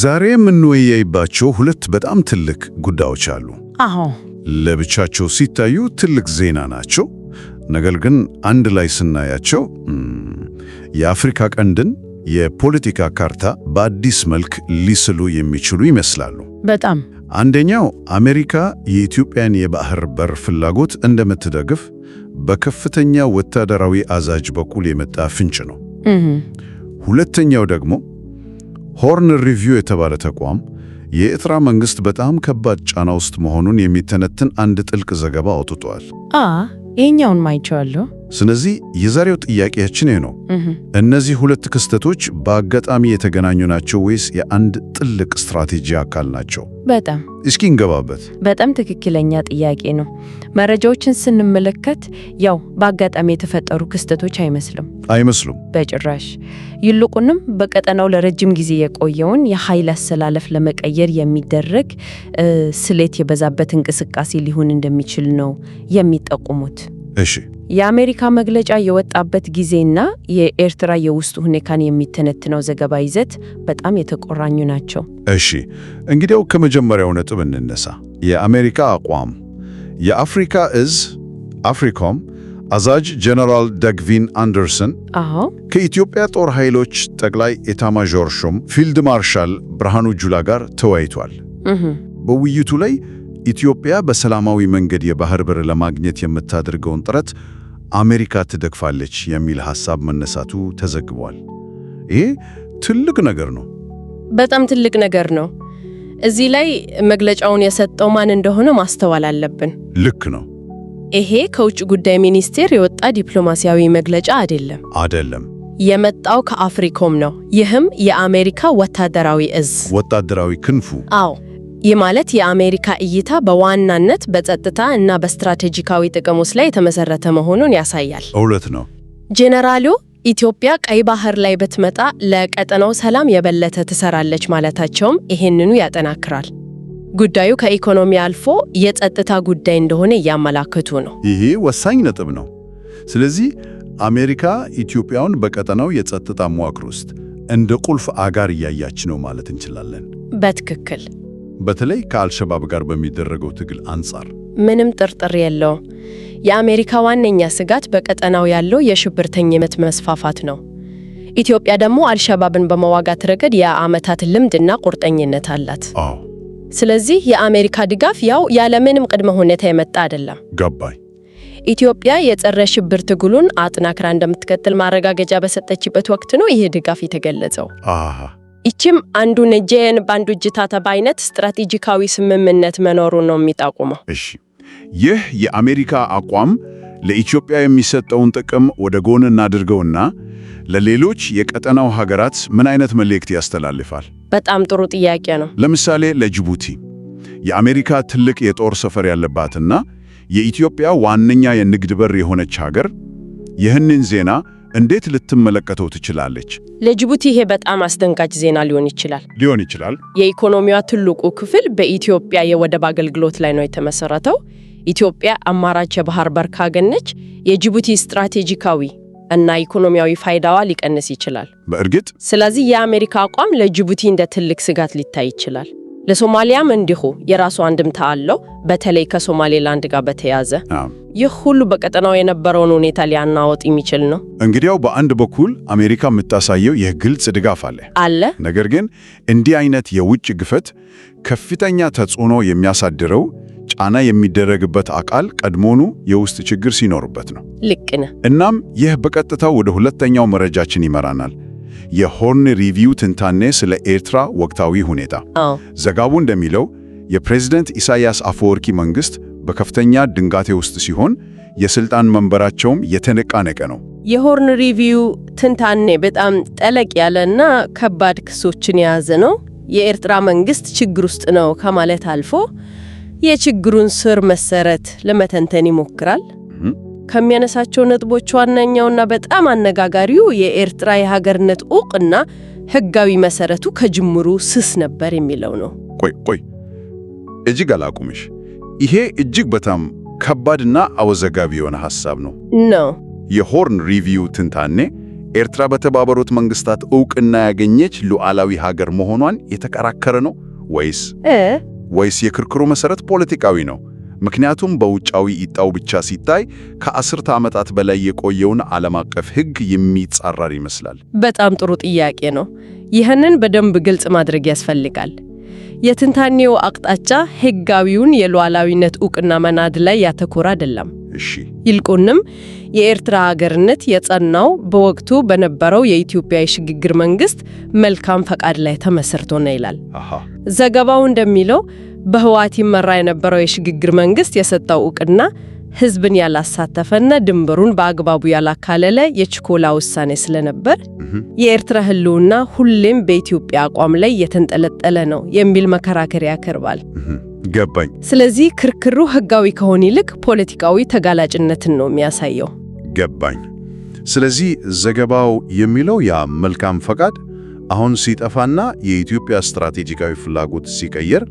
ዛሬ የምንወያይባቸው ሁለት በጣም ትልቅ ጉዳዮች አሉ። አዎ ለብቻቸው ሲታዩ ትልቅ ዜና ናቸው። ነገር ግን አንድ ላይ ስናያቸው የአፍሪካ ቀንድን የፖለቲካ ካርታ በአዲስ መልክ ሊስሉ የሚችሉ ይመስላሉ። በጣም አንደኛው አሜሪካ የኢትዮጵያን የባህር በር ፍላጎት እንደምትደግፍ በከፍተኛ ወታደራዊ አዛዥ በኩል የመጣ ፍንጭ ነው። ሁለተኛው ደግሞ ሆርን ሪቪው የተባለ ተቋም የኤርትራ መንግስት በጣም ከባድ ጫና ውስጥ መሆኑን የሚተነትን አንድ ጥልቅ ዘገባ አውጥቷል። አ ይህኛውን ማይቸዋለሁ። ስለዚህ የዛሬው ጥያቄያችን ይህ ነው። እነዚህ ሁለት ክስተቶች በአጋጣሚ የተገናኙ ናቸው ወይስ የአንድ ጥልቅ ስትራቴጂ አካል ናቸው? በጣም እስኪ እንገባበት። በጣም ትክክለኛ ጥያቄ ነው። መረጃዎችን ስንመለከት ያው በአጋጣሚ የተፈጠሩ ክስተቶች አይመስልም አይመስሉም በጭራሽ። ይልቁንም በቀጠናው ለረጅም ጊዜ የቆየውን የኃይል አሰላለፍ ለመቀየር የሚደረግ ስሌት የበዛበት እንቅስቃሴ ሊሆን እንደሚችል ነው የሚጠቁሙት። እሺ የአሜሪካ መግለጫ የወጣበት ጊዜና የኤርትራ የውስጥ ሁኔታን የሚተነትነው ዘገባ ይዘት በጣም የተቆራኙ ናቸው። እሺ እንግዲያው ከመጀመሪያው ነጥብ እንነሳ። የአሜሪካ አቋም የአፍሪካ እዝ አፍሪኮም አዛዥ ጀነራል ደግቪን አንደርሰን ከኢትዮጵያ ጦር ኃይሎች ጠቅላይ ኤታማዦር ሹም ፊልድ ማርሻል ብርሃኑ ጁላ ጋር ተወያይቷል። በውይይቱ ላይ ኢትዮጵያ በሰላማዊ መንገድ የባህር በር ለማግኘት የምታደርገውን ጥረት አሜሪካ ትደግፋለች የሚል ሐሳብ መነሳቱ ተዘግቧል። ይህ ትልቅ ነገር ነው፣ በጣም ትልቅ ነገር ነው። እዚህ ላይ መግለጫውን የሰጠው ማን እንደሆነ ማስተዋል አለብን። ልክ ነው። ይሄ ከውጭ ጉዳይ ሚኒስቴር የወጣ ዲፕሎማሲያዊ መግለጫ አይደለም አይደለም። የመጣው ከአፍሪኮም ነው። ይህም የአሜሪካ ወታደራዊ እዝ ወታደራዊ ክንፉ አዎ ይህ ማለት የአሜሪካ እይታ በዋናነት በጸጥታ እና በስትራቴጂካዊ ጥቅሞች ላይ የተመሰረተ መሆኑን ያሳያል። እውነት ነው። ጄኔራሉ ኢትዮጵያ ቀይ ባህር ላይ ብትመጣ ለቀጠናው ሰላም የበለተ ትሰራለች ማለታቸውም ይህንኑ ያጠናክራል። ጉዳዩ ከኢኮኖሚ አልፎ የጸጥታ ጉዳይ እንደሆነ እያመላከቱ ነው። ይሄ ወሳኝ ነጥብ ነው። ስለዚህ አሜሪካ ኢትዮጵያውን በቀጠናው የጸጥታ መዋቅር ውስጥ እንደ ቁልፍ አጋር እያያች ነው ማለት እንችላለን። በትክክል። በተለይ ከአልሸባብ ጋር በሚደረገው ትግል አንጻር ምንም ጥርጥር የለው። የአሜሪካ ዋነኛ ስጋት በቀጠናው ያለው የሽብርተኝነት መስፋፋት ነው። ኢትዮጵያ ደግሞ አልሸባብን በመዋጋት ረገድ የዓመታት ልምድና ቁርጠኝነት አላት። ስለዚህ የአሜሪካ ድጋፍ ያው ያለምንም ቅድመ ሁኔታ የመጣ አይደለም። ገባይ ኢትዮጵያ የጸረ ሽብር ትግሉን አጥናክራ እንደምትቀጥል ማረጋገጫ በሰጠችበት ወቅት ነው ይህ ድጋፍ የተገለጸው። ይችም አንዱ ነጄን በአንዱ እጅ ተባይነት አይነት ስትራቴጂካዊ ስምምነት መኖሩን ነው የሚጠቁመው። እሺ ይህ የአሜሪካ አቋም ለኢትዮጵያ የሚሰጠውን ጥቅም ወደ ጎን እናድርገውና ለሌሎች የቀጠናው ሀገራት ምን አይነት መልእክት ያስተላልፋል? በጣም ጥሩ ጥያቄ ነው። ለምሳሌ ለጅቡቲ የአሜሪካ ትልቅ የጦር ሰፈር ያለባትና የኢትዮጵያ ዋነኛ የንግድ በር የሆነች ሀገር ይህንን ዜና እንዴት ልትመለከተው ትችላለች? ለጅቡቲ ይሄ በጣም አስደንጋጭ ዜና ሊሆን ይችላል ሊሆን ይችላል። የኢኮኖሚዋ ትልቁ ክፍል በኢትዮጵያ የወደብ አገልግሎት ላይ ነው የተመሰረተው። ኢትዮጵያ አማራጭ የባህር በር ካገኘች የጅቡቲ ስትራቴጂካዊ እና ኢኮኖሚያዊ ፋይዳዋ ሊቀንስ ይችላል በእርግጥ። ስለዚህ የአሜሪካ አቋም ለጅቡቲ እንደ ትልቅ ስጋት ሊታይ ይችላል። ለሶማሊያም እንዲሁ የራሱ አንድምታ አለው፣ በተለይ ከሶማሌላንድ ጋር በተያዘ ይህ ሁሉ በቀጠናው የነበረውን ሁኔታ ሊያናወጥ የሚችል ነው። እንግዲያው በአንድ በኩል አሜሪካ የምታሳየው ይህ ግልጽ ድጋፍ አለ አለ። ነገር ግን እንዲህ አይነት የውጭ ግፈት ከፍተኛ ተጽዕኖ የሚያሳድረው ጫና የሚደረግበት አካል ቀድሞኑ የውስጥ ችግር ሲኖርበት ነው። ልክ ነህ። እናም ይህ በቀጥታው ወደ ሁለተኛው መረጃችን ይመራናል። የሆርን ሪቪው ትንታኔ ስለ ኤርትራ ወቅታዊ ሁኔታ። ዘጋቡ እንደሚለው የፕሬዝደንት ኢሳያስ አፈወርቂ መንግስት በከፍተኛ ድንጋቴ ውስጥ ሲሆን የስልጣን መንበራቸውም የተነቃነቀ ነው። የሆርን ሪቪው ትንታኔ በጣም ጠለቅ ያለና ከባድ ክሶችን የያዘ ነው። የኤርትራ መንግስት ችግር ውስጥ ነው ከማለት አልፎ የችግሩን ስር መሰረት ለመተንተን ይሞክራል። ከሚያነሳቸው ነጥቦች ዋነኛውና በጣም አነጋጋሪው የኤርትራ የሀገርነት ዕውቅና ህጋዊ መሰረቱ ከጅምሩ ስስ ነበር የሚለው ነው። ቆይ ቆይ፣ እጅግ አላቁምሽ። ይሄ እጅግ በጣም ከባድና አወዘጋቢ የሆነ ሐሳብ ነው ነው የሆርን ሪቪው ትንታኔ ኤርትራ በተባበሩት መንግስታት ዕውቅና ያገኘች ሉዓላዊ ሀገር መሆኗን የተከራከረ ነው ወይስ ወይስ የክርክሩ መሰረት ፖለቲካዊ ነው? ምክንያቱም በውጫዊ ኢጣው ብቻ ሲታይ ከአስርተ ዓመታት በላይ የቆየውን ዓለም አቀፍ ሕግ የሚጻረር ይመስላል። በጣም ጥሩ ጥያቄ ነው። ይህንን በደንብ ግልጽ ማድረግ ያስፈልጋል። የትንታኔው አቅጣጫ ሕጋዊውን የሉዓላዊነት ዕውቅና መናድ ላይ ያተኮረ አይደለም። እሺ፣ ይልቁንም የኤርትራ ሀገርነት የጸናው በወቅቱ በነበረው የኢትዮጵያ የሽግግር መንግስት መልካም ፈቃድ ላይ ተመሰርቶ ነው ይላል ዘገባው እንደሚለው በህወሓት ይመራ የነበረው የሽግግር መንግስት የሰጠው እውቅና ህዝብን ያላሳተፈና ድንበሩን በአግባቡ ያላካለለ የችኮላ ውሳኔ ስለነበር የኤርትራ ህልውና ሁሌም በኢትዮጵያ አቋም ላይ የተንጠለጠለ ነው የሚል መከራከሪያ ያቀርባል። ገባኝ። ስለዚህ ክርክሩ ህጋዊ ከሆነ ይልቅ ፖለቲካዊ ተጋላጭነትን ነው የሚያሳየው። ገባኝ። ስለዚህ ዘገባው የሚለው ያ መልካም ፈቃድ አሁን ሲጠፋና የኢትዮጵያ ስትራቴጂካዊ ፍላጎት ሲቀየር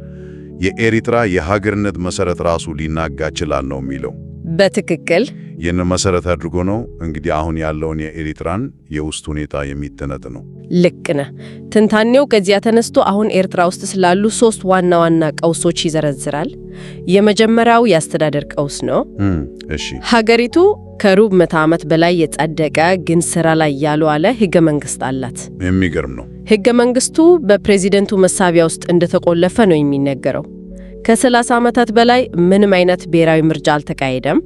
የኤሪትራ የሀገርነት መሰረት ራሱ ሊናጋ ይችላል ነው የሚለው። በትክክል ይህንን መሰረት አድርጎ ነው እንግዲህ አሁን ያለውን የኤሪትራን የውስጥ ሁኔታ የሚተነጥ ነው። ልክ ነህ። ትንታኔው ከዚያ ተነስቶ አሁን ኤርትራ ውስጥ ስላሉ ሶስት ዋና ዋና ቀውሶች ይዘረዝራል። የመጀመሪያው የአስተዳደር ቀውስ ነው። እሺ፣ ሀገሪቱ ከሩብ ምዕተ ዓመት በላይ የጸደቀ ግን ስራ ላይ ያልዋለ ህገ መንግስት አላት። የሚገርም ነው። ህገ መንግስቱ በፕሬዚደንቱ መሳቢያ ውስጥ እንደተቆለፈ ነው የሚነገረው። ከ30 ዓመታት በላይ ምንም አይነት ብሔራዊ ምርጫ አልተካሄደም።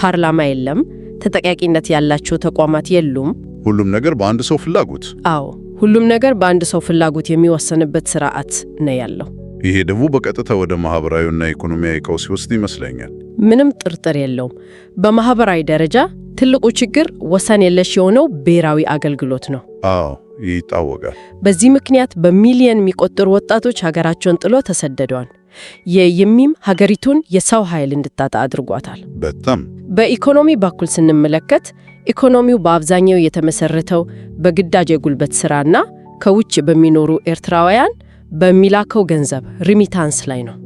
ፓርላማ የለም። ተጠያቂነት ያላቸው ተቋማት የሉም። ሁሉም ነገር በአንድ ሰው ፍላጎት አዎ፣ ሁሉም ነገር በአንድ ሰው ፍላጎት የሚወሰንበት ስርዓት ነው ያለው። ይሄ ደግሞ በቀጥታ ወደ ማህበራዊና ኢኮኖሚያዊ ቀውስ ይወስድ ይመስለኛል። ምንም ጥርጥር የለውም። በማህበራዊ ደረጃ ትልቁ ችግር ወሰን የለሽ የሆነው ብሔራዊ አገልግሎት ነው። አዎ ይታወቃል። በዚህ ምክንያት በሚሊየን የሚቆጠሩ ወጣቶች ሀገራቸውን ጥሎ ተሰደደዋል። የየሚም ሀገሪቱን የሰው ኃይል እንድታጣ አድርጓታል። በጣም በኢኮኖሚ በኩል ስንመለከት ኢኮኖሚው በአብዛኛው የተመሰረተው በግዳጅ የጉልበት ስራና ከውጭ በሚኖሩ ኤርትራውያን በሚላከው ገንዘብ ሪሚታንስ ላይ ነው።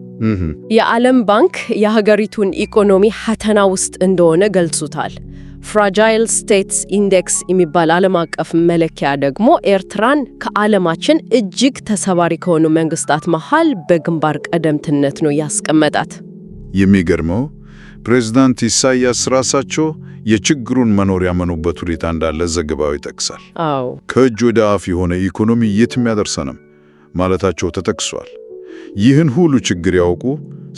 የዓለም ባንክ የሀገሪቱን ኢኮኖሚ ሀተና ውስጥ እንደሆነ ገልጹታል። ፍራጃይል ስቴትስ ኢንዴክስ የሚባል ዓለም አቀፍ መለኪያ ደግሞ ኤርትራን ከዓለማችን እጅግ ተሰባሪ ከሆኑ መንግስታት መሃል በግንባር ቀደምትነት ነው ያስቀመጣት። የሚገርመው ፕሬዝዳንት ኢሳያስ ራሳቸው የችግሩን መኖር ያመኑበት ሁኔታ እንዳለ ዘገባው ይጠቅሳል። አዎ ከእጅ ወደ አፍ የሆነ ኢኮኖሚ የትም ያደርሰንም ማለታቸው ተጠቅሷል። ይህን ሁሉ ችግር ያውቁ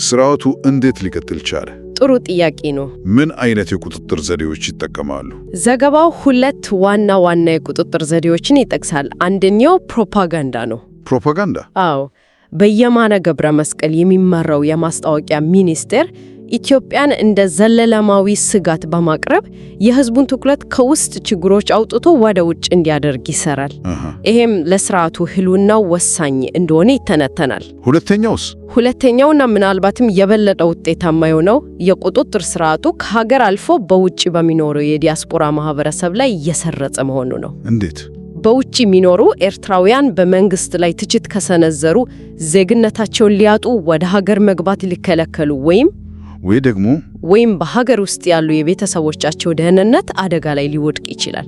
ስርዓቱ እንዴት ሊቀጥል ቻለ? ጥሩ ጥያቄ ነው። ምን አይነት የቁጥጥር ዘዴዎች ይጠቀማሉ? ዘገባው ሁለት ዋና ዋና የቁጥጥር ዘዴዎችን ይጠቅሳል። አንደኛው ፕሮፓጋንዳ ነው። ፕሮፓጋንዳ? አዎ። በየማነ ገብረ መስቀል የሚመራው የማስታወቂያ ሚኒስቴር ኢትዮጵያን እንደ ዘለለማዊ ስጋት በማቅረብ የህዝቡን ትኩረት ከውስጥ ችግሮች አውጥቶ ወደ ውጭ እንዲያደርግ ይሰራል። ይሄም ለስርዓቱ ህልውናው ወሳኝ እንደሆነ ይተነተናል። ሁለተኛውስ? ሁለተኛውና ምናልባትም የበለጠ ውጤታማ የሆነው የቁጥጥር ስርዓቱ ከሀገር አልፎ በውጭ በሚኖረው የዲያስፖራ ማህበረሰብ ላይ እየሰረጸ መሆኑ ነው። እንዴት? በውጭ የሚኖሩ ኤርትራውያን በመንግስት ላይ ትችት ከሰነዘሩ ዜግነታቸውን ሊያጡ፣ ወደ ሀገር መግባት ሊከለከሉ ወይም ወይ ደግሞ ወይም በሀገር ውስጥ ያሉ የቤተሰቦቻቸው ደህንነት አደጋ ላይ ሊወድቅ ይችላል።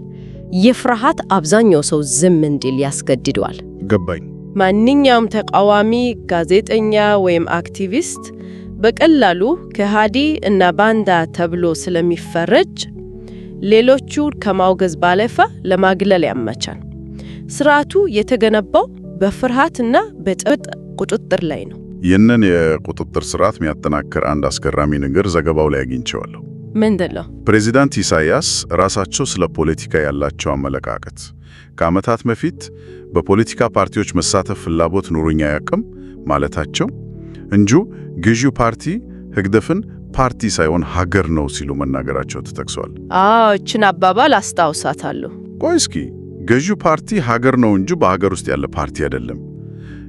የፍርሃት አብዛኛው ሰው ዝም እንዲል ያስገድደዋል። ገባኝ። ማንኛውም ተቃዋሚ፣ ጋዜጠኛ ወይም አክቲቪስት በቀላሉ ከሃዲ እና ባንዳ ተብሎ ስለሚፈረጅ ሌሎቹ ከማውገዝ ባለፈ ለማግለል ያመቻል። ስርዓቱ የተገነባው በፍርሃትና በጥብቅ ቁጥጥር ላይ ነው። ይህንን የቁጥጥር ስርዓት የሚያጠናክር አንድ አስገራሚ ነገር ዘገባው ላይ አግኝቸዋለሁ ምንድን ነው? ፕሬዚዳንት ኢሳያስ ራሳቸው ስለ ፖለቲካ ያላቸው አመለካከት ከዓመታት በፊት በፖለቲካ ፓርቲዎች መሳተፍ ፍላጎት ኑሮኛ አያውቅም ማለታቸው እንጂ ገዢው ፓርቲ ህግደፍን ፓርቲ ሳይሆን ሀገር ነው ሲሉ መናገራቸው ተጠቅሷል። አዎ እችን አባባል አስታውሳታለሁ። ቆይ እስኪ ገዢው ፓርቲ ሀገር ነው እንጂ በሀገር ውስጥ ያለ ፓርቲ አይደለም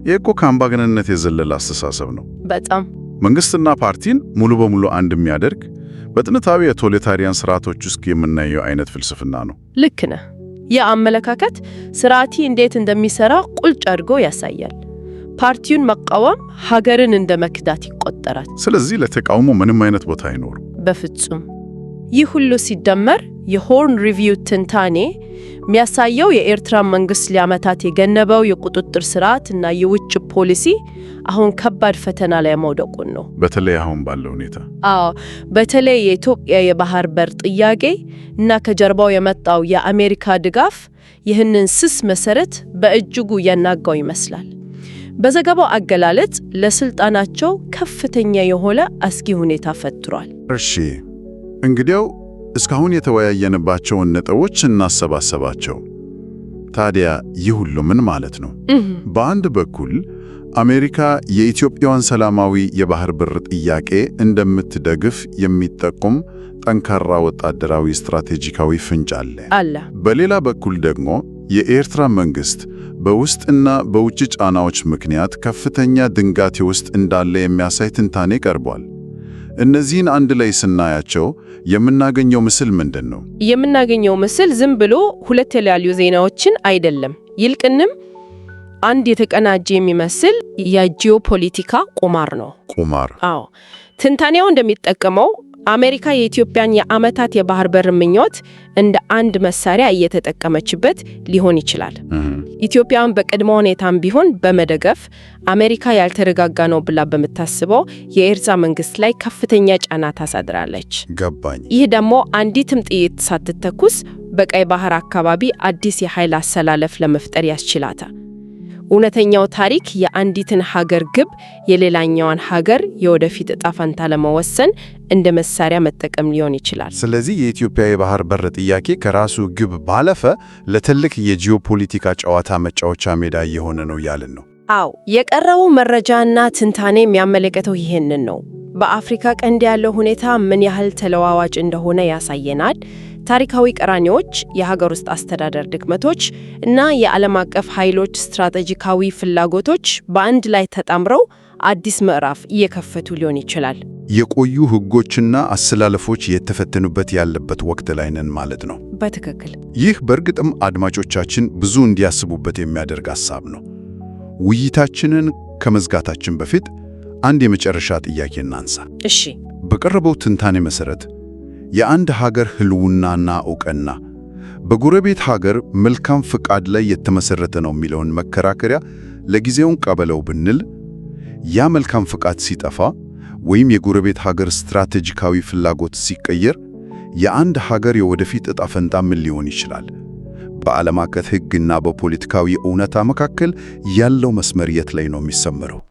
የእኮ ከአምባገነንነት የዘለለ አስተሳሰብ ነው። በጣም መንግስትና ፓርቲን ሙሉ በሙሉ አንድ የሚያደርግ በጥንታዊ የቶሌታሪያን ስርዓቶች ውስጥ የምናየው አይነት ፍልስፍና ነው። ልክ ነህ። ይህ አመለካከት ስርዓቲ እንዴት እንደሚሰራ ቁልጭ አድርጎ ያሳያል። ፓርቲውን መቃወም ሀገርን እንደ መክዳት ይቆጠራል። ስለዚህ ለተቃውሞ ምንም አይነት ቦታ አይኖሩ። በፍጹም ይህ ሁሉ ሲደመር የሆርን ሪቪው ትንታኔ የሚያሳየው የኤርትራ መንግስት ለዓመታት የገነበው የቁጥጥር ስርዓት እና የውጭ ፖሊሲ አሁን ከባድ ፈተና ላይ መውደቁን ነው። በተለይ አሁን ባለው ሁኔታ አዎ፣ በተለይ የኢትዮጵያ የባህር በር ጥያቄ እና ከጀርባው የመጣው የአሜሪካ ድጋፍ ይህንን ስስ መሰረት በእጅጉ እያናጋው ይመስላል። በዘገባው አገላለጽ ለስልጣናቸው ከፍተኛ የሆነ አስጊ ሁኔታ ፈጥሯል። እሺ እንግዲያው እስካሁን የተወያየንባቸውን ነጥቦች እናሰባሰባቸው። ታዲያ ይህ ሁሉ ምን ማለት ነው? በአንድ በኩል አሜሪካ የኢትዮጵያን ሰላማዊ የባህር በር ጥያቄ እንደምትደግፍ የሚጠቁም ጠንካራ ወታደራዊ ስትራቴጂካዊ ፍንጭ አለ አለ። በሌላ በኩል ደግሞ የኤርትራ መንግስት በውስጥና በውጭ ጫናዎች ምክንያት ከፍተኛ ድንጋቴ ውስጥ እንዳለ የሚያሳይ ትንታኔ ቀርቧል። እነዚህን አንድ ላይ ስናያቸው የምናገኘው ምስል ምንድን ነው? የምናገኘው ምስል ዝም ብሎ ሁለት የተለያዩ ዜናዎችን አይደለም። ይልቅንም አንድ የተቀናጀ የሚመስል የጂኦፖለቲካ ቁማር ነው። ቁማር። አዎ፣ ትንታኔው እንደሚጠቀመው አሜሪካ የኢትዮጵያን የአመታት የባህር በር ምኞት እንደ አንድ መሳሪያ እየተጠቀመችበት ሊሆን ይችላል። ኢትዮጵያን በቅድመ ሁኔታም ቢሆን በመደገፍ አሜሪካ ያልተረጋጋ ነው ብላ በምታስበው የኤርትራ መንግስት ላይ ከፍተኛ ጫና ታሳድራለች። ገባኝ። ይህ ደግሞ አንዲትም ጥይት ሳትተኩስ በቀይ ባህር አካባቢ አዲስ የኃይል አሰላለፍ ለመፍጠር ያስችላታል። እውነተኛው ታሪክ የአንዲትን ሀገር ግብ የሌላኛዋን ሀገር የወደፊት እጣ ፈንታ ለመወሰን እንደ መሳሪያ መጠቀም ሊሆን ይችላል። ስለዚህ የኢትዮጵያ የባህር በር ጥያቄ ከራሱ ግብ ባለፈ ለትልቅ የጂኦፖለቲካ ጨዋታ መጫወቻ ሜዳ እየሆነ ነው ያልን ነው። አዎ፣ የቀረቡ መረጃና ትንታኔ የሚያመለከተው ይሄንን ነው። በአፍሪካ ቀንድ ያለው ሁኔታ ምን ያህል ተለዋዋጭ እንደሆነ ያሳየናል። ታሪካዊ ቀራኔዎች፣ የሀገር ውስጥ አስተዳደር ድክመቶች እና የዓለም አቀፍ ኃይሎች ስትራቴጂካዊ ፍላጎቶች በአንድ ላይ ተጣምረው አዲስ ምዕራፍ እየከፈቱ ሊሆን ይችላል። የቆዩ ህጎችና አሰላለፎች የተፈተኑበት ያለበት ወቅት ላይ ነን ማለት ነው። በትክክል። ይህ በእርግጥም አድማጮቻችን ብዙ እንዲያስቡበት የሚያደርግ ሐሳብ ነው። ውይይታችንን ከመዝጋታችን በፊት አንድ የመጨረሻ ጥያቄ እናንሳ። እሺ፣ በቀረበው ትንታኔ መሰረት የአንድ ሀገር ህልውናና ዕውቅና በጎረቤት ሀገር መልካም ፍቃድ ላይ የተመሰረተ ነው የሚለውን መከራከሪያ ለጊዜውን ቀበለው ብንል ያ መልካም ፍቃድ ሲጠፋ ወይም የጎረቤት ሀገር ስትራቴጂካዊ ፍላጎት ሲቀየር የአንድ ሀገር የወደፊት ዕጣ ፈንታ ምን ሊሆን ይችላል? በዓለም አቀፍ ሕግና በፖለቲካዊ እውነታ መካከል ያለው መስመር የት ላይ ነው የሚሰመረው?